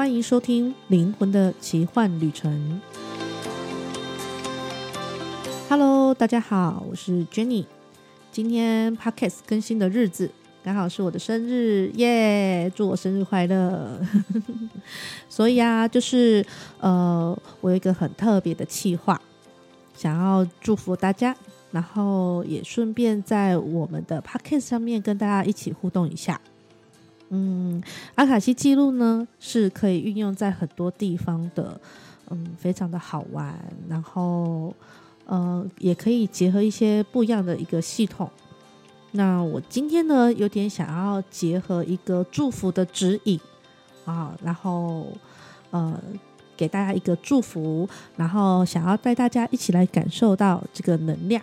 歡迎收聽《靈魂的奇幻旅程》。Hello，大家好，我是 Jannie。今天 Podcast 更新的日子剛好是我的生日耶！Yeah, 祝我生日快樂！ 所以啊，就是呃，我有一個很特別的企劃，想要祝福大家，然後也順便在我們的 Podcast 上面跟大家一起互動一下。嗯，阿卡西記錄呢是可以運用在很多地方的，嗯，非常的好玩，然後呃也可以結合一些不一樣的一個系統。那我今天呢有點想要結合一個祝福的指引啊，然後呃給大家一個祝福，然後想要帶大家一起來感受到這個能量。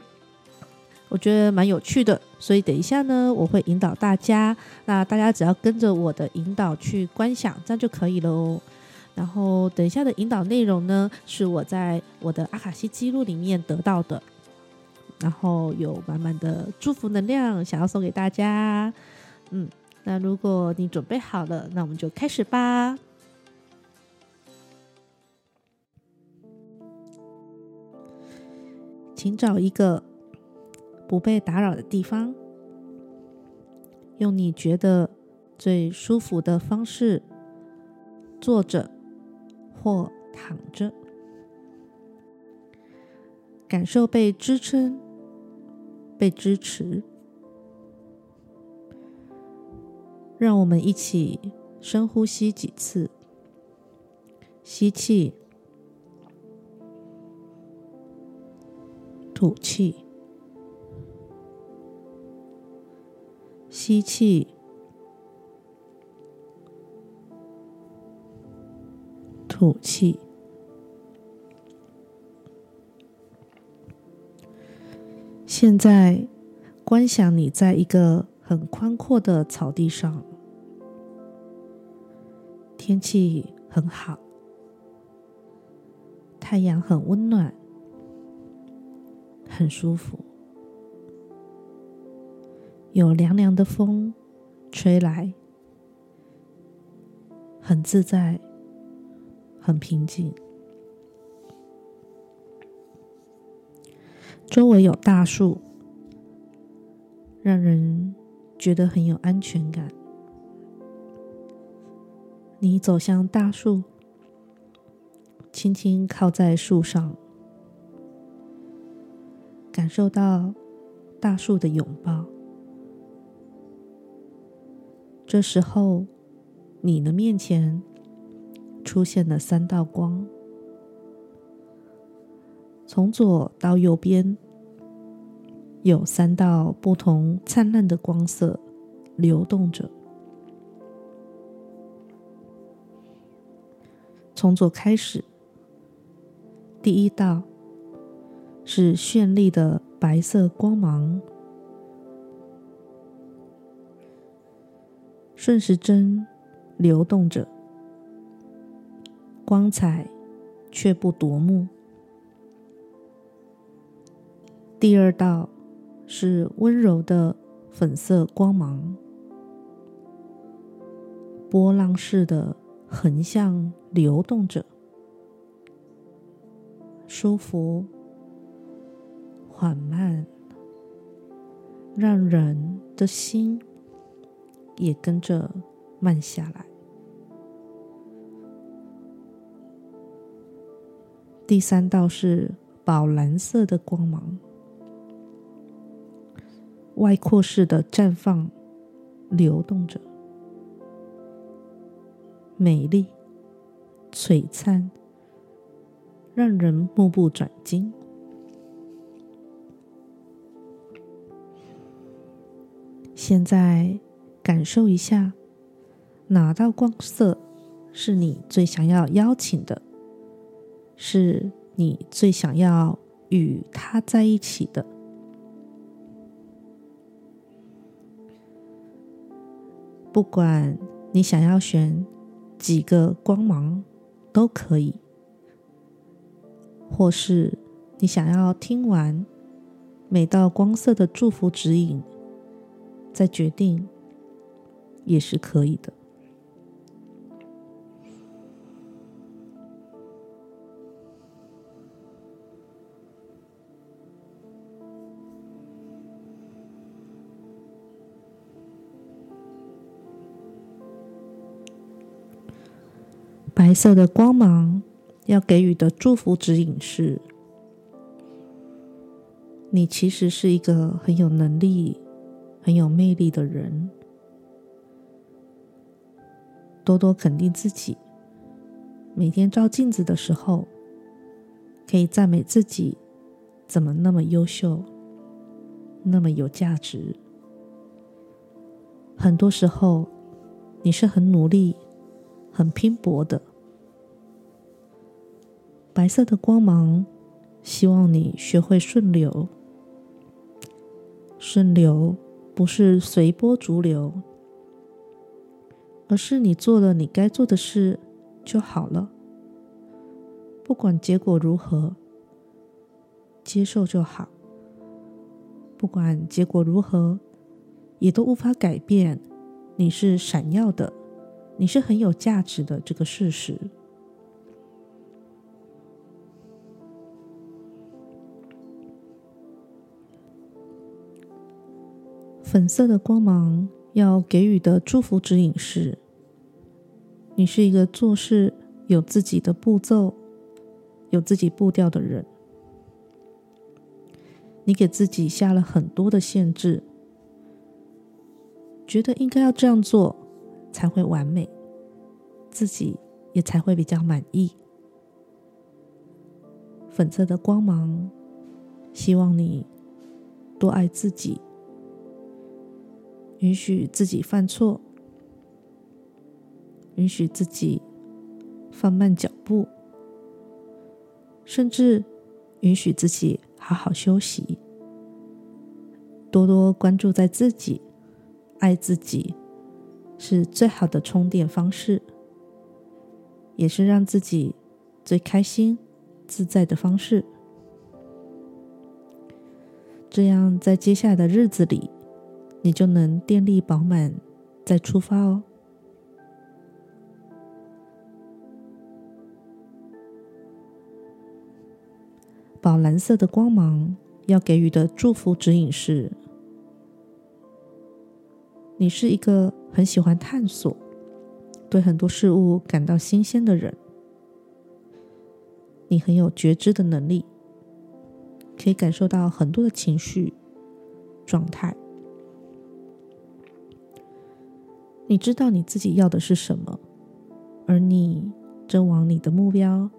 我覺得蠻有趣的，所以等一下呢，我會引導大家。那大家只要跟着我的引導去觀想，這樣就可以了哦。然後等一下的引導內容呢，是我在我的阿卡西記錄裡面得到的，然後有滿滿的祝福能量，想要送給大家。嗯，那如果你準備好了，那我們就開始吧。請找一個不被打擾的地方，用你覺得最舒服的方式坐着或躺着，感受被支撐、被支持。讓我們一起深呼吸幾次，吸氣，吐氣。吸氣，吐氣。現在，觀想你在一個很寬闊的草地上，天氣很好，太陽很溫暖，很舒服。有涼涼的風吹來，很自在，很平靜。周圍有大樹，讓人覺得很有安全感。你走向大樹，輕輕靠在樹上，感受到大樹的擁抱。這時候，你的面前出現了三道光。從左到右邊，有三道不同燦爛的光色流動着。從左開始，第一道是絢麗的白色光芒。順時針流動着，光彩卻不奪目。第二道是溫柔的粉色光芒，波浪式的橫向流動着，舒服、緩慢，讓人的心。也跟着慢下來。第三道是寶藍色的光芒，外擴式的綻放，流動着，美麗、璀璨，讓人目不轉睛。現在。感受一下，哪道光色是你最想要邀請的，是你最想要與他在一起的。不管你想要選幾個光芒都可以，或是你想要聽完每道光色的祝福指引，再決定。也是可以的。白色的光芒要給予的祝福指引是：你其實是一個很有能力、很有魅力的人。多多肯定自己，每天照鏡子的時候，可以讚美自己，怎麼那麼優秀，那麼有價值。很多時候，你是很努力、很拼搏的。白色的光芒，希望你學會順流，順流不是隨波逐流。而是你做了你該做的事就好了，不管結果如何，接受就好。不管結果如何，也都無法改變你是閃耀的，你是很有價值的這個事實。粉色的光芒。要給予的祝福指引是：你是一個做事有自己的步驟、有自己步調的人。你給自己下了很多的限制，覺得應該要這樣做才會完美，自己也才會比較滿意。粉色的光芒，希望你多愛自己。允許自己犯錯，允許自己放慢腳步，甚至允許自己好好休息，多多關注在自己，愛自己是最好的充電方式，也是讓自己最開心自在的方式。這樣在接下來的日子裡，你就能電力飽滿，再出發哦。寶藍色的光芒要給予的祝福指引是：你是一個很喜歡探索、對很多事物感到新鮮的人。你很有覺知的能力，可以感受到很多的情緒狀態。你知道你自己要的是什麼，而你正往你的目標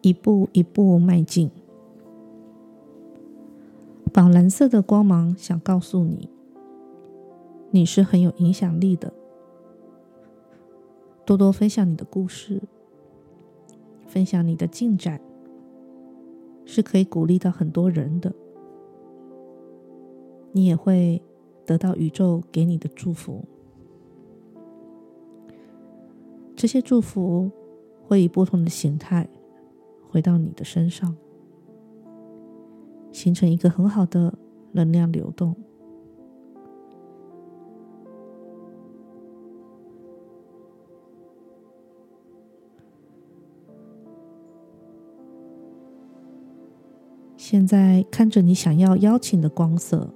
一步一步邁進。寶藍色的光芒想告訴你，你是很有影響力的。多多分享你的故事，分享你的進展，是可以鼓勵到很多人的。你也會，得到宇宙給你的祝福，這些祝福會以不同的形態回到你的身上，形成一個很好的能量流動。現在看着你想要邀請的光色，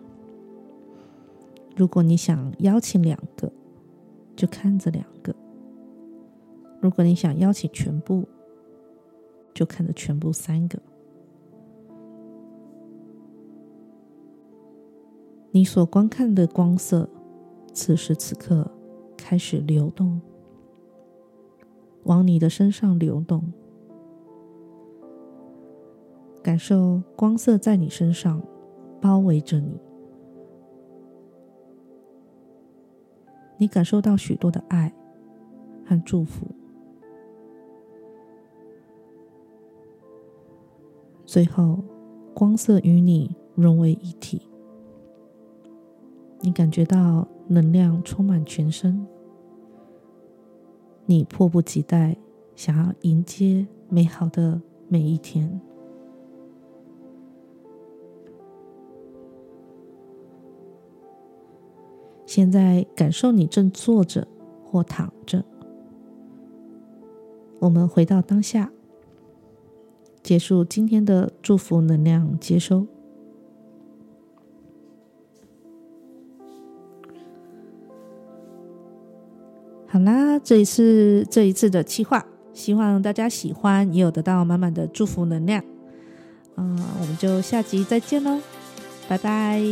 如果你想邀請兩個，就看着兩個；如果你想邀請全部，就看着全部三個。你所觀看的光色，此時此刻開始流動，往你的身上流動，感受光色在你身上包圍着你。你感受到許多的愛和祝福，最後光色與你融為一體，你感覺到能量充滿全身，你迫不及待想要迎接美好的每一天。現在感受你正坐着或躺着。我們回到當下，結束今天的祝福能量接收。好啦，這一次這一次的企劃，希望大家喜歡，也有得到滿滿的祝福能量。嗯，我們就下集再見嘍，拜拜。